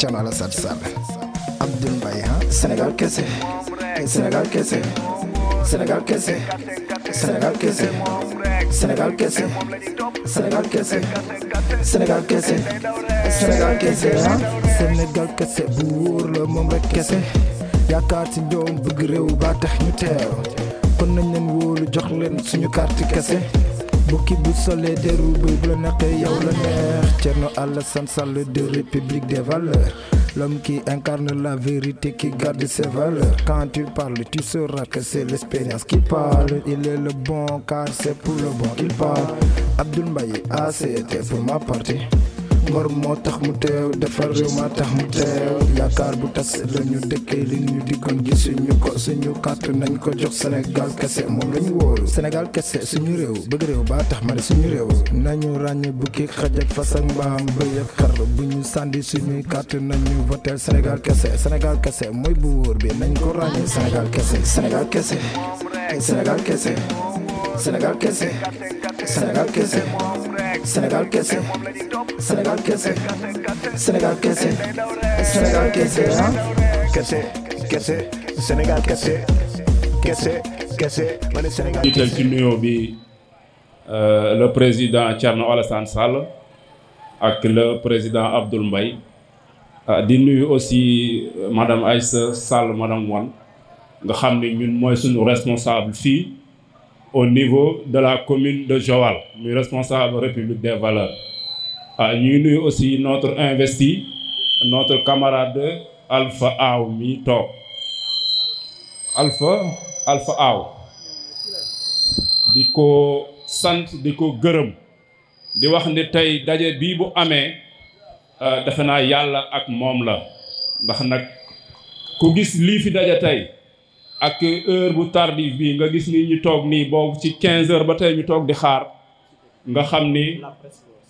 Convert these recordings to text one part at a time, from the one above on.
Thierno Alassane Sall Abdoul Mbaye ah kese Sénégal kese Sénégal kese Sénégal kese Sénégal kese ah. Sénégal kese bu wóor la moom rek kese yaakaar ci ñoom bëgg réew ba tax ñu teew kon nañ leen wóolu jox leen suñu carte kese bukki bu solee deru buy bu la naqee yow la neex Thierno Alassane Sall de République des valeurs L'homme qui incarne la vérité, qui garde ses valeurs. Quand tu parles, tu sauras que c'est l'expérience qui parle. Il est le bon, car c'est pour le bon qu'il parle. Abdoul Mbaye, ACT pour ma partie. ngor moo tax mu teew defar réew maa tax mu teew yaakaar bu tas la ñu dëkkee li ñu diggoon ji suñu ko suñu kàttu nañ ko jox Sénégal kese moom lañu wóolu Sénégal kese suñu réew bëgg réew ba tax ma ne suñu réew nañu ràññee bukki xaj ak fas ak mbaam bëy xar bu ñu sàndi suñuy kàttu nañu voteel Sénégal kese senegal kese mooy bu wóor bi nañ ko ràññee Sénégal kese Sénégal kese Sénégal kese kese Sénégal kese Sénégal kese Sénégal kese Sénégal kese ah. kese kese Sénégal kese kese kese ma ne Sénégal. jiital ci nuyoo bi euh, le président Thierno Alassane Sall ak le président Abdoul Mbaye euh, di nuyu aussi euh, madame Aïssa Sall madame Wane nga xam ne ñun mooy suñu responsable fii. au niveau de la commune de Joal muy responsable République des valeurs ah ñuy nuyu aussi notre investi notre camarade alfa Aw mi toog Alpha Alpha Aw di ko sant di ko gërëm di wax ni tey daje bii bu amee ah, defe naa yàlla ak moom la ndax nag ku gis lii fi daje tey ak heure bu tardive bi nga gis ni ñu toog nii boobu ci quinze heures ba tey ñu toog di xaar nga xam ni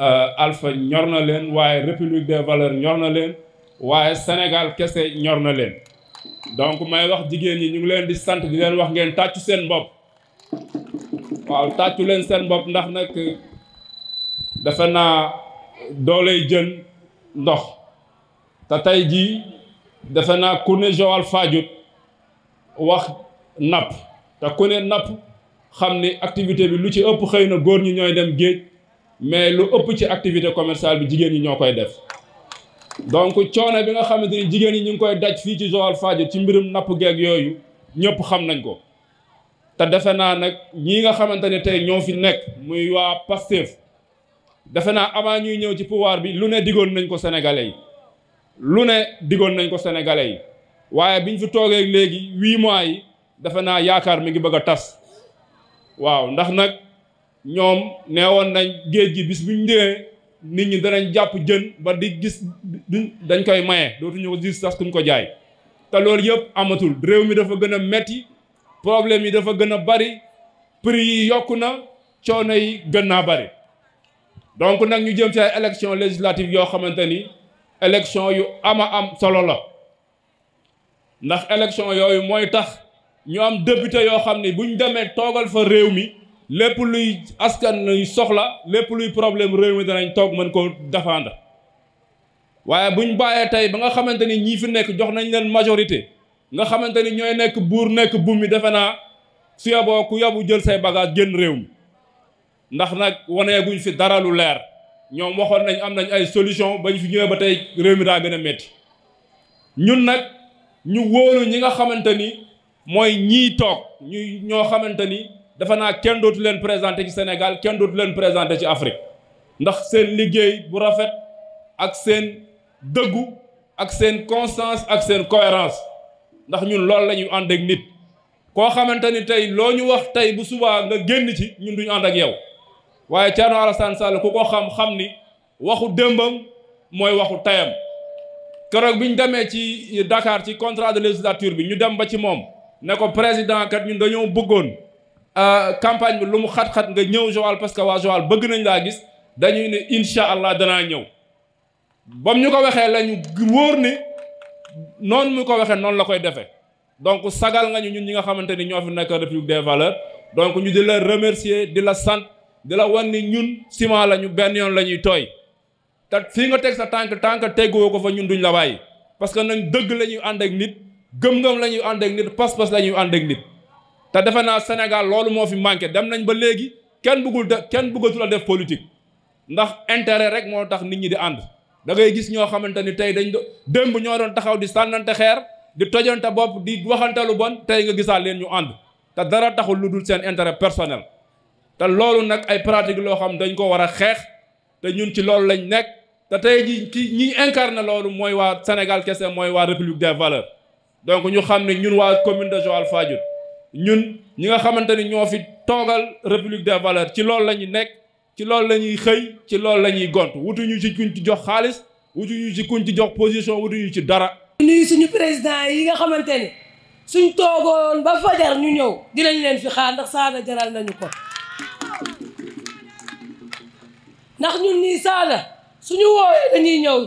euh, alfa ñor na leen waaye République des valeurs ñor na leen waaye Sénégal kese ñor na leen donc may wax jigéen ñi ñu ngi leen di sant di leen wax ngeen tàccu seen bopp waaw tàccu leen seen bopp ndax nag defe naa dooley jën ndox te tey jii defe naa ku ne wax napp te ku ne napp xam ni activité bi lu ci ëpp xëy na góor ñi ñooy dem géej mais lu ëpp ci activité commerciale bi jigéen ñi ñoo koy def donc coono bi nga xamante ni jigéen ñi ñu ngi koy daj fii ci Joal Fadiouth ci mbirum napp geeg yooyu ñëpp xam nañ ko te defe naa nag ñi nga xamante ne tey ñoo fi nekk muy waa Pastef defe naa avant ñuy ñëw ci pouvoir bi lu ne digoon nañ ko sénégalais yi lu ne diggoon nañ ko sénégalais yi waaye biñ fi toogee léegi huit mois yi defe naa yaakaar mi ngi bëgg a tas waaw ndax nag ñoom nee woon nañ géej gi bis buñ ñëwee nit ñi danañ jàpp jën ba di gis duñ dañ koy maye dootuñu ko gis sax kuñ ko jaay te loolu yëpp amatul réew mi dafa gën a metti problème yi dafa gën a bari prix yi yokku na coono yi gën naa bari donc nag ñu jëm ci ay élection législative yoo xamante ni élection yu ama am solo la ndax élection yooyu mooy tax ñu am député yoo xam ne bu ñu demee toogal fa réew mi lépp luy askan luy soxla lépp luy problème réew mi danañ toog mën koo défendre waaye bu ñu bàyyee tey ba nga xamante ni ñii fi nekk jox nañ leen majorité nga xamante ni ñooy nekk buur nekk buum mi defe naa su yaboo ku yabu jël say bagaas génn réew mi ndax nag waneeguñ fi dara lu leer ñoom waxoon nañ am nañ ay solution bañ fi ñëwee ba tey réew mi daa gën a métti ñu wóolu ñi nga xamante ni mooy ñii toog ñu ñoo xamante ni dafa naa kenn dootu leen présenté ci Sénégal kenn dootu leen présenté ci Afrique ndax seen liggéey bu rafet ak seen dëggu ak seen constance ak seen cohérence ndax ñun loolu lañuy ñuy ànd ak nit koo xamante ni tey loo ñu wax tey bu subaa nga génn ci ñun duñu ànd ak yow waaye Thierno Alassane Sall ku ko xam xam ni waxu démbam mooy waxu tayam keroog bi ñu demee ci dakaar ci contrat de législature bi ñu dem ba ci moom ne ko président kat ñun dañoo bëggoon euh, campagne bi lu mu xat-xat nga ñëw Joal parce que waa Joal bëgg nañ laa gis dañuy ne incha allah danaa ñëw bam ñu ko waxee lañu wóor ni noonu mu ko waxee noonu la koy defee donc sagal nga ñu ñun ñi nga xamante ni ñoo fi nekk République de valeurs donc ñu di la remercier di la sant di la wan ni ñun ciment la ñu benn yoon la ñuy tooy. te fii nga teg sa tànk tànk tegguwoo ko fa ñun duñ la bàyyi parce que nag dëgg la ànd ak nit gëm-gëm la ñuy ànd ak nit pas-pas la ñuy ànd ak nit te defe naa Sénégal loolu moo fi manqué dem nañ ba léegi kenn bëggul de kenn bëggatul a def politique ndax intérêt rek moo tax nit ñi di ànd da gis ñoo xamante ni tey dañ démb ñoo doon taxaw di sànnante xeer di tojante bopp di waxante lu bon tey nga gisaa leen ñu ànd te dara taxul lu dul seen intérêt personnel te loolu nag ay pratique loo xam dañ ko war a xeex te ñun ci loolu lañ nekk te tey ji ki ñi incarné loolu mooy waa Sénégal kese mooy waa République des valeurs donc ñu xam ne ñun waa commune de Joal Fadiouth ñun ñi nga xamante ni ñoo fi toogal République des valeurs ci loolu lañuy nekk ci loolu la ñuy xëy ci loolu la ñuy gont wutuñu ci kuñ ci jox xaalis wutuñu ci kuñ ci jox position wutuñu ci dara nuyu suñu président yi nga xamante ni suñ toogoon ba fajar ñu ñëw dinañ leen fi xaar ndax saada jaral nañu ko ndax ñun nii saada suñu woowee dañuy ñëw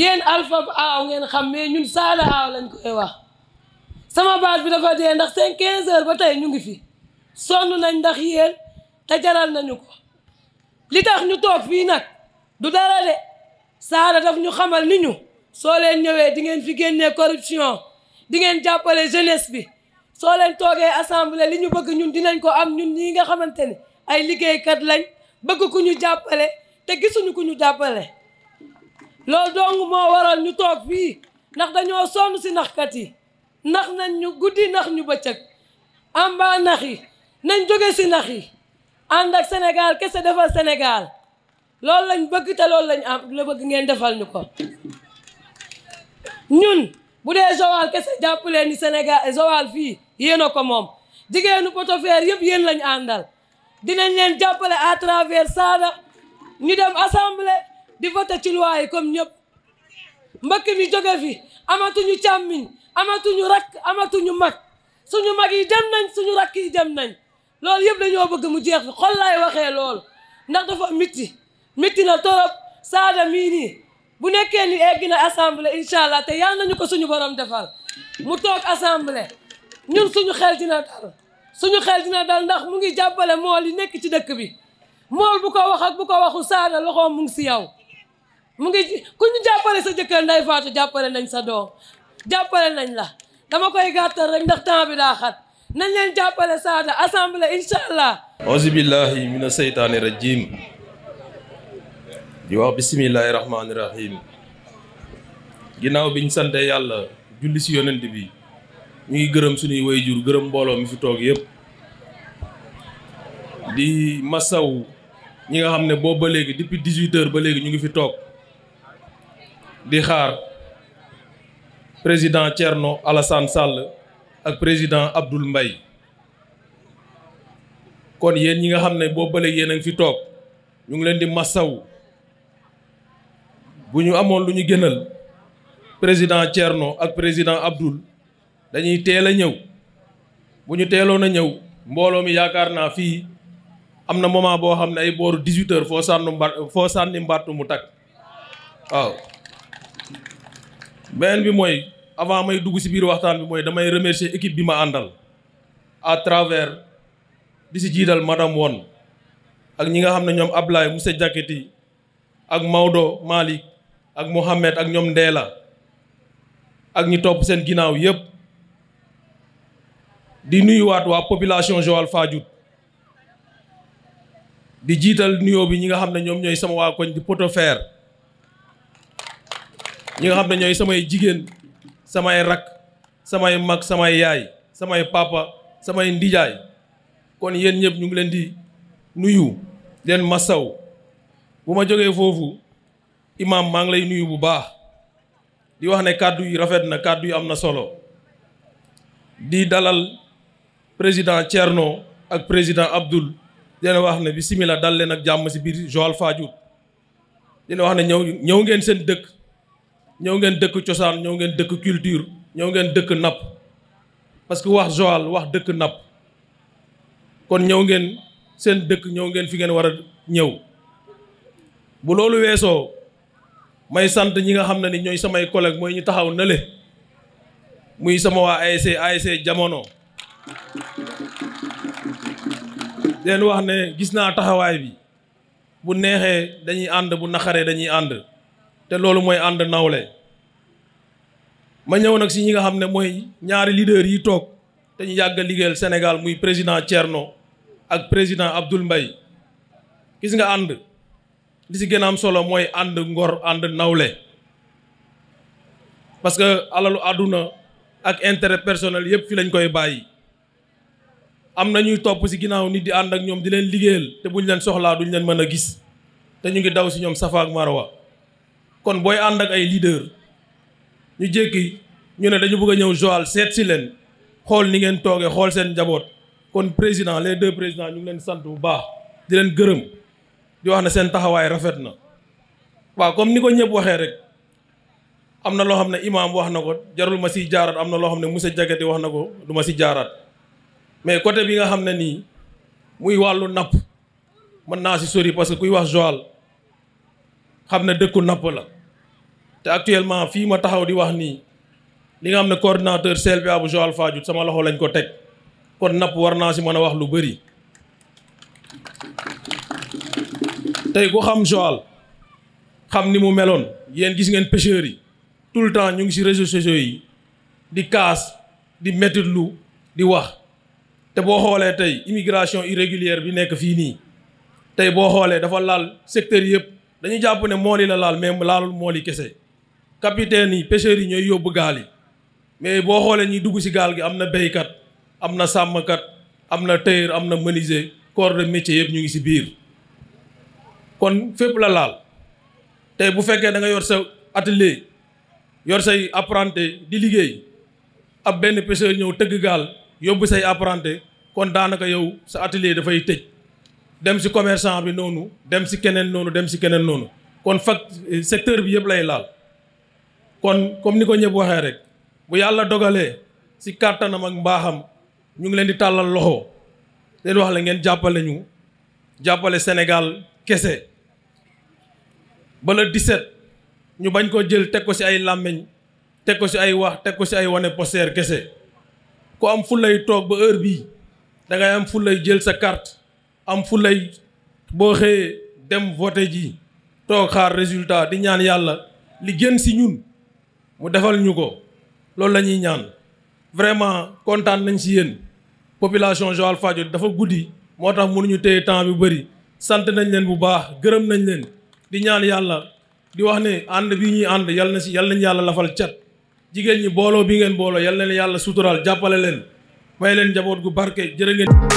yéen alpha aaw ngeen xam mais ñun saala aaw lañ ko wax sama baat bi dafa dee ndax seen quinze heures ba tey ñu ngi fi sonn nañ ndax yéen te jaral nañu ko li tax ñu toog fii nag du dara de saala daf ñu xamal ni ñu soo leen ñëwee di ngeen fi génnee corruption di ngeen jàppale jeunesse bi soo leen toogee assemblée li ñu bëgg ñun dinañ ko am ñun ñii nga xamante ne ay liggéeykat lañ bëgg ku ñu jàppale te gisuñu ku ñu jàppale loolu dong moo waral ñu toog fii ndax dañoo sonn si naxkat yi ndax nañ ñu guddi ndax ñu bëccëg amba nax yi nañ jóge si nax yi ànd ak Sénégal kese defal Sénégal loolu lañ bëgg te loolu lañ am la bëgg ngeen defal ñu ko ñun bu dee Joal kese jàppalee ni Sénégal Joal fii yéen a ko moom jigéenu Potofeer yëpp yéen lañ àndal dinañ leen jàppale à travers Sada ñu dem assemblée di voté ci loi comme ñëpp mbëkk mi jóge fi amatuñu càmmiñ amatuñu rakk amatuñu mag suñu mag yi dem nañ suñu rakk yi dem nañ loolu yëpp dañoo bëgg mu jeex fi xol laay waxee loolu ndax dafa mitti mitti na torop saada mii nii bu nekkee ni egg na assemblée incha allah te yal nañu ko suñu borom defal mu toog assemblée ñun suñu xel dina dal suñu xel dina dal ndax mu ngi jàppale mool yi nekk ci dëkk bi mool bu ko wax ak bu ko waxu saana loxoom mu ngi si yaw mu ngi ku ñu jàppale sa jëkkër nday faatu jàppale nañ sa doom jàppale nañ la dama koy gàttal rek ndax temps bi daa xat nañ leen jàppale saada assemblée incha allah auzu billahi mina seytaani rajim di wax bisimillahi rahmaani rahim ginnaaw biñ sante yàlla julli si yonent bi ñu ngi gërëm suñuy wayjur gërëm mbooloo mi fi toog yëpp di masaw ñi nga xam ne boobu ba léegi depuis dix-huit heures ba léegi ñu ngi fi toog di xaar président Thierno Alassane Sall ak président Abdoul mbay kon yéen ñi nga xam ne boobu ba léegi yéen a ngi fi toog ñu ngi leen di massaw bu ñu amoon lu ñu gënal président Thierno ak président abdul dañuy teel a ñëw bu ñu teeloon a ñëw mbooloo mi yaakaar naa fii am na moment boo xam ne ay booru 18 foo sànnu mba foo sànni mbattu mu takk waaw beneen bi mooy avant may dugg ci biir waxtaan bi mooy damay remercier équipe bi ma àndal à travers di ci jiital madame Won ak ñi nga xam ne ñoom Ablaye monsieur Diakiti ak Maodo malik ak Mohamed ak ñoom Ndeela ak ñi topp seen ginnaaw yépp di nuyuwaat waa population Joal Fadiouth di jiital nuyoo bi ñi nga xam ne ñoom ñooy sama waa koñ di potofeer ñi nga xam ne ñooy samay jigéen samay rak samay mag samay yaay samay papa samay ndijaay kon yéen ñëpp ñu ngi leen di nuyu leen masaw bu ma jógee foofu imaam maa ngi lay nuyu bu baax di wax ne kàddu yi rafet na kàddu yi am na solo di dalal président Thierno ak président Abdoul dina wax ne bisimilah dal leen ak jàmm si biir Joal Fadiouth dina wax ne ñëw ñëw ngeen seen dëkk ñëw ngeen dëkk cosaan ñëw ngeen dëkk culture ñëw ngeen dëkk napp parce que wax Joal wax dëkk napp kon ñëw ngeen seen dëkk ñëw ngeen fi ngeen war a ñëw bu loolu weesoo may sant ñi nga xam ne ni ñooy samay collègue mooy ñu taxaw nale muy sama waa ASC ASC jamono leen wax ne gis naa taxawaay bi bu neexee dañuy ànd bu naxaree dañuy ànd te loolu mooy ànd nawle ma ñëw nag si ñi nga xam ne mooy ñaari leader yi toog te ñu yàgg a liggéeyal Sénégal muy président Thierno ak président Abdoul mbay gis nga ànd li si gën a am solo mooy ànd ngor ànd nawle parce que alalu àdduna ak intérêt personnel yëpp fi lañ koy bàyyi am na ñuy topp si ginnaaw nit di ànd ak ñoom di leen liggéeyal te buñ leen soxlaa duñ leen mën a gis te ñu ngi daw si ñoom safa ak marwa kon booy ànd ak ay leader ñu jékki ñu ne dañu bëgg a ñëw Joal seet si leen xool ni ngeen toogee xool seen njaboot kon président les deux présidents ñu ngi leen sant bu baax di leen gërëm di wax ne seen taxawaay rafet na waa comme ni ko ñëpp waxee rek am na loo xam ne imaam wax na ko jarul ma si jaaraat am na loo xam ne monsieur Diakhaté wax na ko du ma si jaaraat mais côté bi nga xam ne nii muy wàllu napp mën naa si sori parce que kuy wax Joal xam ne dëkku napp la te actuellement fii ma taxaw di wax nii li nga xam ne coordinateur CLPA bu Joal Fadiouth sama loxo lañ ko teg kon napp war naa si mën a wax lu bëri tey ku xam Joal xam ni mu meloon yéen gis ngeen pêcheurs yi tout le temps ñu ngi si réseaux sociaux yi di kaas di métitlu di wax te boo xoolee tey immigration irrégulière bi nekk fii nii tey boo xoolee dafa laal secteur yëpp dañu jàpp ne mool yi la laal mais laalul mool yi kese capitaine yi pêcheurs yi ñooy yóbbu gaal yi mais boo xoolee ñuy dugg ci gaal gi am na béykat am na sàmmkat am na tailleur am na menuisier corps de métier ñu ngi ci biir kon fépp la laal tey bu fekkee da nga yor sa atelier yor say apprenti di liggéey ab benn pêcheur ñëw tëgg gaal yóbbu say apprenti kon daanaka yow sa atelier dafay tëj dem si commerçant bi noonu dem si keneen noonu dem si keneen noonu kon fac secteur bi yëpp lay laal kon comme ni ko ñëpp waxee rek bu yàlla dogalee si kàttanam ak mbaaxam ñu ngi leen di tàllal loxo leen wax la ngeen jàppale ñu jàppale Sénégal kese ba le 17 ñu bañ ko jël teg ko si ay làmmiñ teg ko si ay wax teg ko si ay wane poster kese ku am fu lay toog ba heure bii da ngay am fu lay jël sa carte am fu lay boo xëyee dem voté ji toog xaar résultat di ñaan yàlla li gën si ñun mu defal ñu ko loolu la ñuy ñaan vraiment kontaan nañ si yéen population Joal Fadiouth dafa guddi moo tax mënuñu téye temps bi bëri sant nañ leen bu baax gërëm nañ leen di ñaan yàlla di wax ne ànd bi ñuy ànd yal na si yal nañ yàlla lafal cat jigéen ñi booloo bi ngeen booloo yal na leen yàlla suturaal jàppale leen may leen njaboot gu barke jërë ngeen.